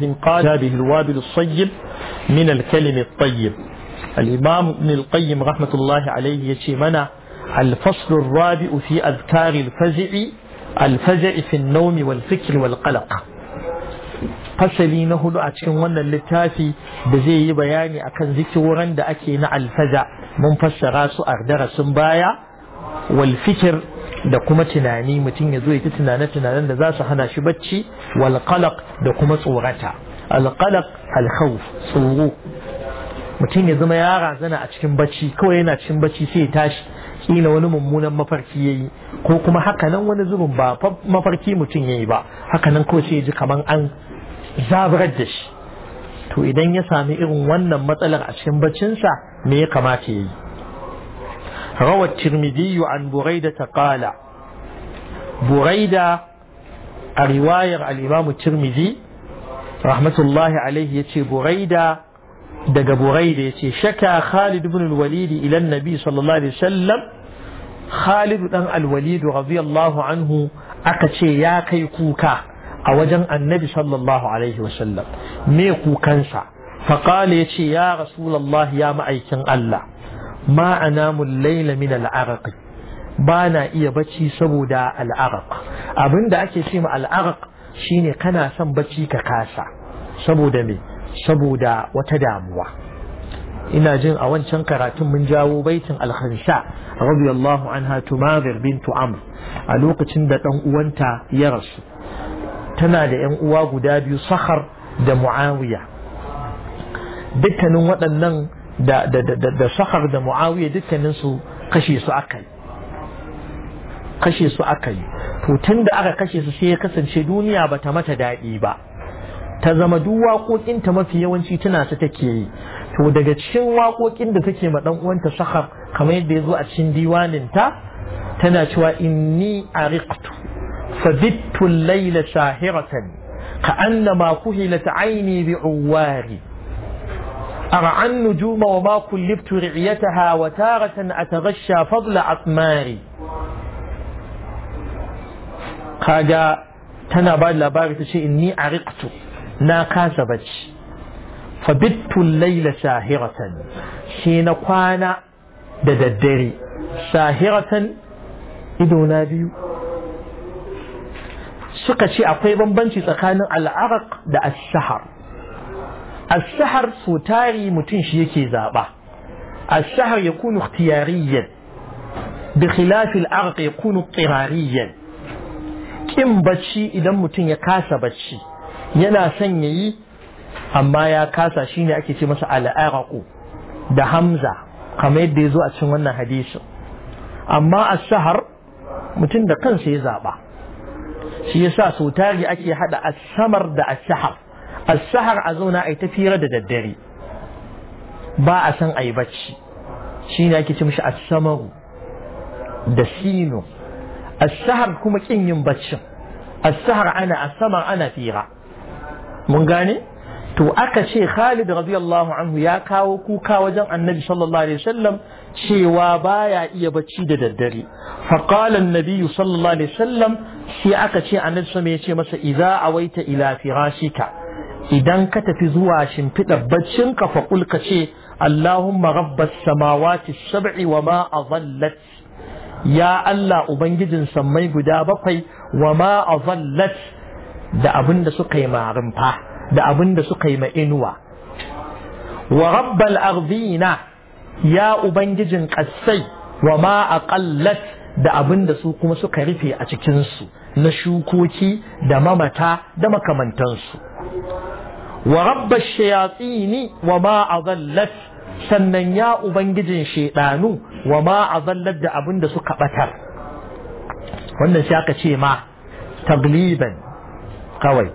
شرح قال به الوابل الصيب من الكلم الطيب الإمام ابن القيم رحمة الله عليه يشيمنا الفصل الرابع في أذكار الفزع الفزع في النوم والفكر والقلق fasali na hudu a cikin wannan littafi da zai yi bayani akan zikiroran da ake na alfaza da kuma tunani mutum ya zo ya ci tunane-tunanen da za su hana shi bacci walƙalaƙ da kuma tsorata alƙalaƙ alhau tsoro mutum ya zama ya razana a cikin bacci kawai yana cikin bacci sai ya tashi kila wani mummunan mafarki ya yi ko kuma hakanan wani zubin ba mafarki mutum ya yi ba hakanan kawai sai ya ji kamar an zabarar da shi to idan ya sami irin wannan matsalar a cikin baccinsa me ya kamata ya yi روى الترمذي عن بريدة قال بريدة رواية الإمام الترمذي رحمة الله عليه يتي بريدة دق بريدة يتي شكا خالد بن الوليد إلى النبي صلى الله عليه وسلم خالد بن الوليد رضي الله عنه أكتي يا كيكوكا أوجن النبي صلى الله عليه وسلم ميكو كنسا فقال يتي يا رسول الله يا مأيكن الله ma anamu laila min al'araq ba na iya bacci saboda abin abinda ake ce ma al'araq shine kana son bacci ka kasa saboda me saboda wata damuwa ina jin a wancan karatun mun jawo baitin alkhansha radiyallahu anha tumarir bintu amr a lokacin da dan uwanta ya rasu tana da yan uwa guda biyu sahar da muawiya dukkanin waɗannan da da da shahar da muawiya dukkanin su kashe su akai kashe su akai to da aka kashe su sai ya kasance duniya bata mata daɗi ba ta zama duk waƙoƙinta mafi yawanci tana su take yi to daga cikin waƙoƙin da take ma ɗan uwanta sahar kamar yadda ya zo a cikin diwaninta tana cewa inni ariqtu fabittu layla shahiratan ka annama kuhilat aini bi uwari أرعى النجوم وما كلفت رعيتها وتارة أتغشى فضل أقماري كاجا تنا بعد لا لبارة تشي إني أرقت نا كاسبت فبت الليل ساهرة حين قانا ددري ساهرة إدونا بيو suka ce akwai bambanci العرق دا da الشهر سوتاري متنش يكي زابا الشهر يكون اختياريا بخلاف العرق يكون اضطراريا كم بتشي إذا متن يكاسا بتشي ينا سنيي أما يا كاسا شيني أكيتي مسا على عرقو ده همزة كما يدزو أتشوننا حديث أما الشهر متن دقن سيزابا سيسا سوتاري أكي حدا السمر ده الشهر Asahar sahar a zauna ai tafira da daddare ba a san ai bacci shine ake ce mishi as-samaru da sino as-sahar kuma kin yin bacci as-sahar ana as-samar ana fira mun gane to aka ce Khalid radiyallahu anhu ya kawo kuka wajen Annabi sallallahu alaihi wasallam cewa baya iya bacci da daddare fa qala an sallallahu alaihi wasallam sai aka ce Annabi sallallahu ya ce masa idza awaita ila firashika idan ka tafi zuwa shimfiɗa baccin ka faƙul ka ce Allahumma rabbas samawati sab'i wa ma azallat ya Allah ubangijin sammai guda bakwai wa ma azallat da abin da suka yi marimfa da abin da suka yi ma inuwa wa rabbal arzina ya ubangijin ƙasai wa ma aqallat da abin da su kuma suka rufe a cikinsu na shukoki da mamata da makamantansu wa rabba shayatini wa ma azallat sannan ya ubangijin shaidanu wa ma azallat da abin da suka batar wannan shi aka ce ma tagliban kawai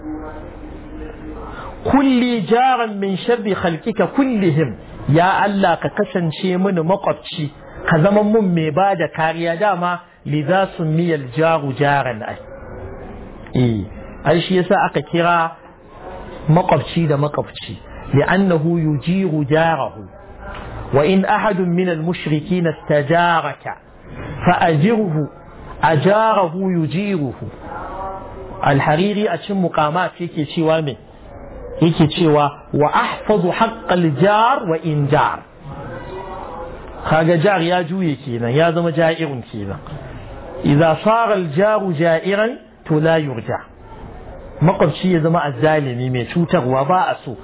kulli jaran min sharri khalqika kullihim ya Allah ka kasance mini makwabci ka zama mun mai ba da kariya dama li za su miyar jaru jaran eh, ai shi yasa aka kira مقفشي ده مقفشي لأنه يجير جاره وإن أحد من المشركين استجارك فأجره أجاره يجيره الحريري أشم مقامات في شوى من فيك شوى وأحفظ حق الجار وإن جار خاج جار يا جوي كينا يا زم جائر كينا إذا صار الجار جائرا تلا يرجع makwabci ya zama azzalimi mai cutarwa ba a so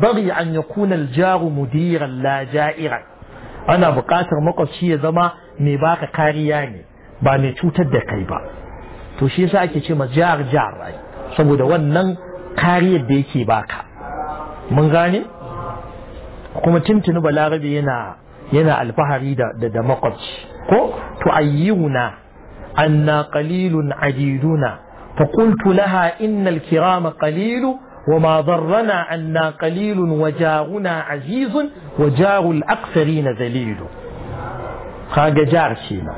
bari an ya kuna aljaru mudiran la ja'iran ana buƙatar makwabci ya zama mai baka kariya ne ba mai cutar da kai ba to shi yasa ake ce masa jar jar saboda wannan kariyar da yake baka mun gane kuma tuntuni balarabe yana yana alfahari da da makwabci ko to ayyuna anna qalilun adiduna فقلت لها إن الكرام قليل وما ضرنا أنا قليل وجارنا عزيز وجار الأكثرين ذليل خاق جار شينا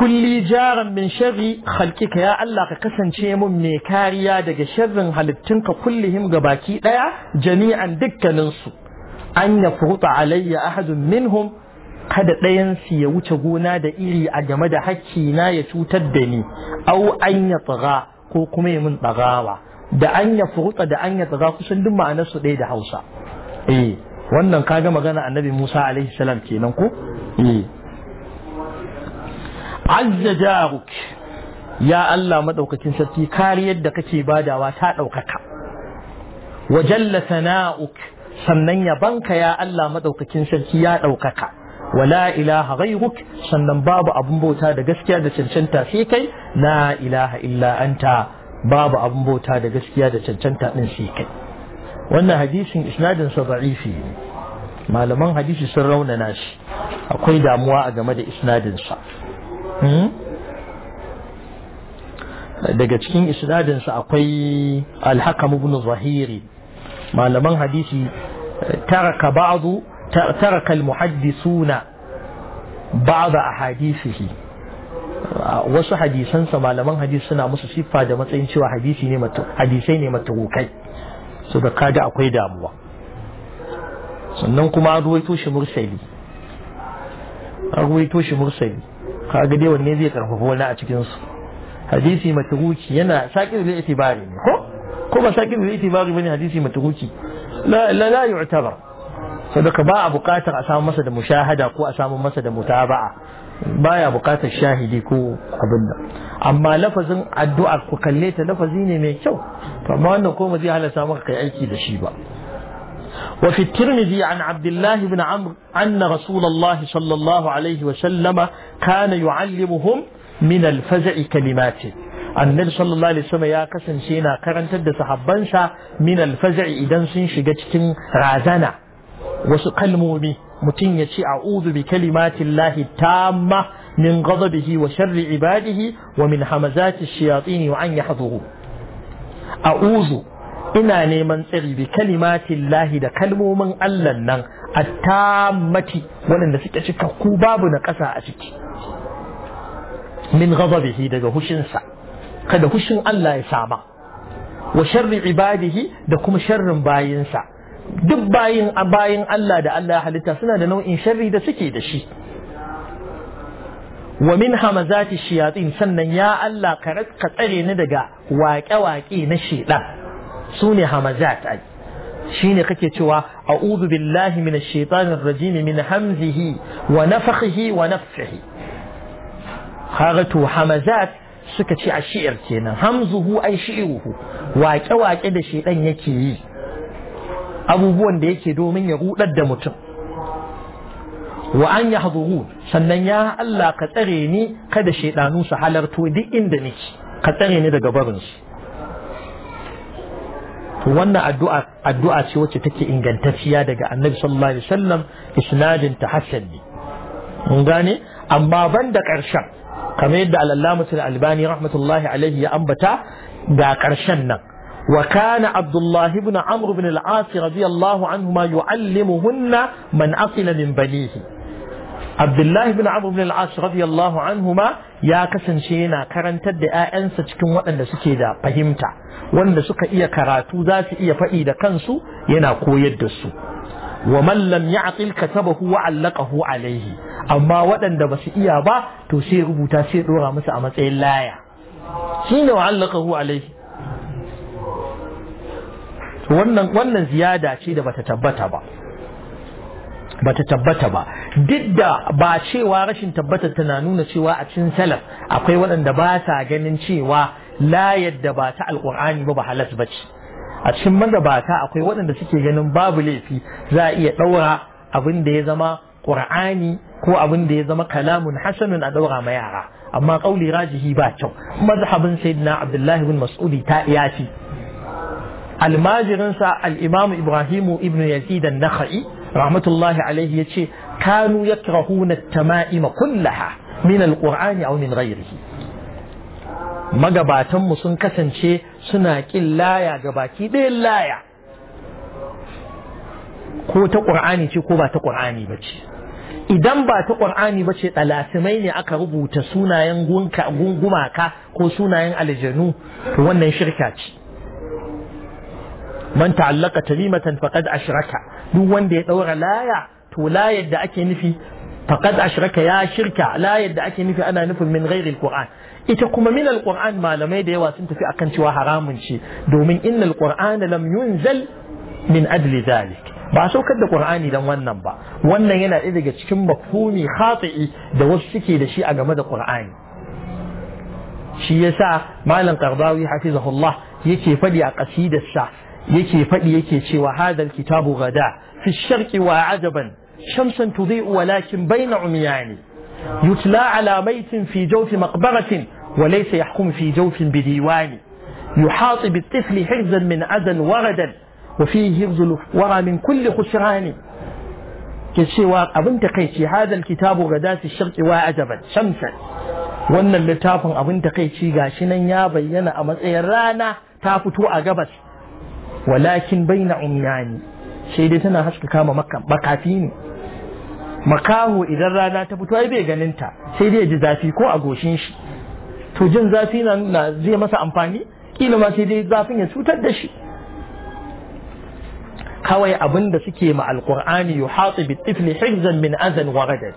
كل جار من شر خلقك يا الله قسن شيم من كاريا دق شر هلتنك كلهم قباكي جميعا دك ننصب أن يفرط علي أحد منهم kada ɗayansu ya wuce gona da iri a game da hakki na ya cutar da ni au an ya tsaga ko kuma ya mun tsagawa da an ya furuta da an ya tsaga kusan duk ma'anar su ɗaya da hausa eh wannan kaga magana annabi musa alaihi salam kenan ko eh azza jaruk ya allah madaukakin sarki kariyar da kake badawa ta ɗaukaka wa jalla sana'uk sannan banka ya allah madaukakin sarki ya ɗaukaka wala ilaha ghayruk sannan babu abun bauta da gaskiya da cancanta sai kai la ilaha illa anta babu abun bauta da gaskiya da cancanta din sai kai wannan hadisin isnadin sa da'ifi malaman hadisi sun raunana shi akwai damuwa a game da isnadin sa hmm? daga cikin isnadin sa akwai al-hakam ibn zahiri malaman hadisi taraka ba'du ترك المحدثون بعض أحاديثه wasu hadisansa malaman hadisi suna musu siffa da matsayin cewa hadisi ne hadisai ne matawokai so da kada akwai damuwa sannan kuma an ruwaito shi mursali an ruwaito shi mursali kaga dai wanne zai karfafa wani a cikin su hadisi matawoki yana sakin da itibari ne ko ko ba sakin da itibari bane hadisi matawoki la la yu'tabar saboda ba a buƙatar a samu masa da mushahada ko a samu masa da mutaba'a baya buƙatar shahidi ko abin da amma lafazin addu'a ku kalle ta lafazi ne mai kyau to amma wannan ko zai halasta samu kai aiki da shi ba wa fi tirmidhi an abdullahi ibn amr anna rasulullahi sallallahu alaihi wa sallama kana yu'allimuhum min من الفزع كلمات annabi sallallahu alaihi wasallam ya kasance yana karantar da sahabbansa min alfaza'i idan sun shiga cikin razana wasu kalmomi mutum ya ce a'udhu bi kalimatin lahi tamma min ghadabihi wa sharri ibadihi wa min hamazati shayatin wa an yahdhuru a'udhu ina neman tsari bi kalimatin lahi da kalmomin Allah nan attammati waɗanda suke cikakku babu na ƙasa a ciki min ghadabihi daga hushinsa kada hushin Allah ya sama wa sharri ibadihi da kuma sharrin bayinsa duk bayin bayin Allah da Allah ya halitta suna da nau'in sharri da suke da shi wa min hamazati shayatin sannan ya Allah ka ka tsare ni daga waƙe-waƙe na shedan sune hamazat ai shine kake cewa a'udhu billahi minash shaitanir rajim min hamzihi wa nafthihi wa nafthihi kaga to hamazat suka ce a shi'ir kenan hamzuhu ai shi'uhu waƙe-waƙe da shedan yake yi abubuwan da yake domin ya rudar da mutum wa an ya sannan ya Allah ka tsare ni kada shaidanu su halarto duk inda nake ka tsare ni daga barinsu wannan addu'a addu'a ce wacce take ingantacciya daga annabi sallallahu alaihi wasallam isnadin ta hasan ne mun gane amma ban da ƙarshen kamar yadda al-allamatul albani rahmatullahi alaihi ya ambata ga karshen nan وكان عبد الله بن عمرو بن العاص رضي الله عنهما يعلمهن من أصل من بنيه عبد الله بن عمرو بن العاص رضي الله عنهما يا كسن شينا كرن تد أنسى تكون وأن سكيدا فهمتا وأن سك إيا كراتو ذات إيا فإيدا كنسو ينا كويد ومن لم يعقل كتبه وعلقه عليه أما وأن بس إيا با تسير بوتا سير رغم سأمت إلايا شين وعلقه عليه wannan wannan ziyada ce da bata tabbata ba bata tabbata ba duk da ba cewa rashin tabbata tana nuna cewa a cikin salaf akwai waɗanda ba sa ganin cewa la yadda ba ta alqur'ani ba ba halas ba ce a cikin magabata akwai waɗanda suke ganin babu laifi za a iya ɗaura abin da ya zama qur'ani ko abin da ya zama kalamun hasanun a ɗaura ma yara amma ƙauli rajihi ba kyau mazhabin sayyidina abdullahi bin mas'udi ta yafi almajirinsa al'imamu ibrahimu ibn yazid an-nakhai rahmatullahi alaihi yace kanu yakrahuna na tamaima kullaha min alƙur'ani qurani min ghayrihi magabatan mu sun kasance suna ƙin laya ga baki ɗayan laya ko ta ce ko ba ta ba ce. idan ba ta ƙur'ani ba ce ɗalasimai ne aka rubuta sunayen gungumaka ko sunayen aljanu to wannan shirka ce من تعلق تميمة فقد أشرك دو وندي دور لا يا تو لا يد نفي فقد أشرك يا شركة لا يد نفي أنا نفي من غير القرآن إتقوم من القرآن ما لم يدي واسنت في أكن سوى حرام شي دو من إن القرآن لم ينزل من أجل ذلك ba so kada qur'ani dan wannan ba wannan yana ɗaya daga cikin mafhumi khati'i da wasu suke da shi a game da qur'ani shi yasa malam qardawi hafizahullah yake faɗi yake cewa hadal kitabu gada fi sharqi wa ajaban shamsan tudhi'u walakin bayna umyani yutla ala maitin fi jawfi maqbaratin wa laysa yahkum fi jawfin bi bi diwani yuhati tifli hirzan min bidiwani wa بالطفل حرزا من أذى وردا وفيه هرز الورى من كل خسران كسوى hadal kitabu gada fi sharqi wa ajaban shamsan wannan littafin abin ta kai ci gashi nan ya bayyana a matsayin rana ta fito a gabas walakin baina umyani sai dai tana haska kama makafi ne makaho idan rana ta fito ai bai ganin ta sai dai ji zafi ko a goshin shi to jin zafi na zai masa amfani kila ma sai dai zafin ya cutar da shi kawai abin da suke ma alqur'ani yuhati bi tifli hifzan min azan wa gadad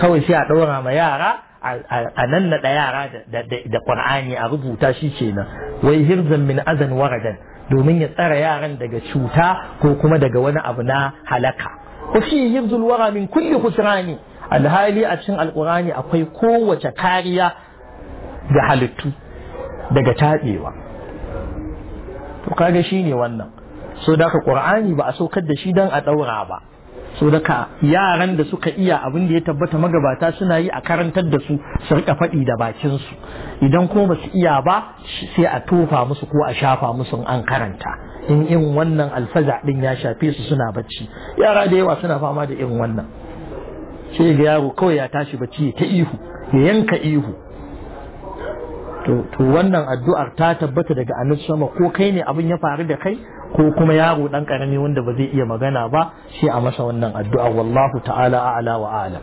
kawai sai a daura ma yara a nan na da yara da qur'ani a rubuta shi kenan wai hifzan min azan wa gadad domin ya tsara yaran daga cuta ko kuma daga wani abu na halaka wa fi hibzul wara min kulli alhali a cikin alqurani akwai kowace kariya ga halittu daga tabewa to kaga shine wannan so da ka qur'ani ba a saukar da shi dan a daura ba so yaran da suka iya abin da ya tabbata magabata suna yi a karantar da su su rika faɗi da bakin su idan kuma ba su iya ba sai a tofa musu ko a shafa musu an karanta in in wannan alfaza din ya shafe su suna bacci yara da yawa suna fama da irin wannan sai ga yaro kawai ya tashi bacci ta ihu ya yanka ihu to wannan addu'ar ta tabbata daga annabi sama ko kai ne abin ya faru da kai ko kuma yaro ɗan ƙarami wanda ba zai iya magana ba shi a masa wannan addu'a wallahu ta'ala a'la wa ala.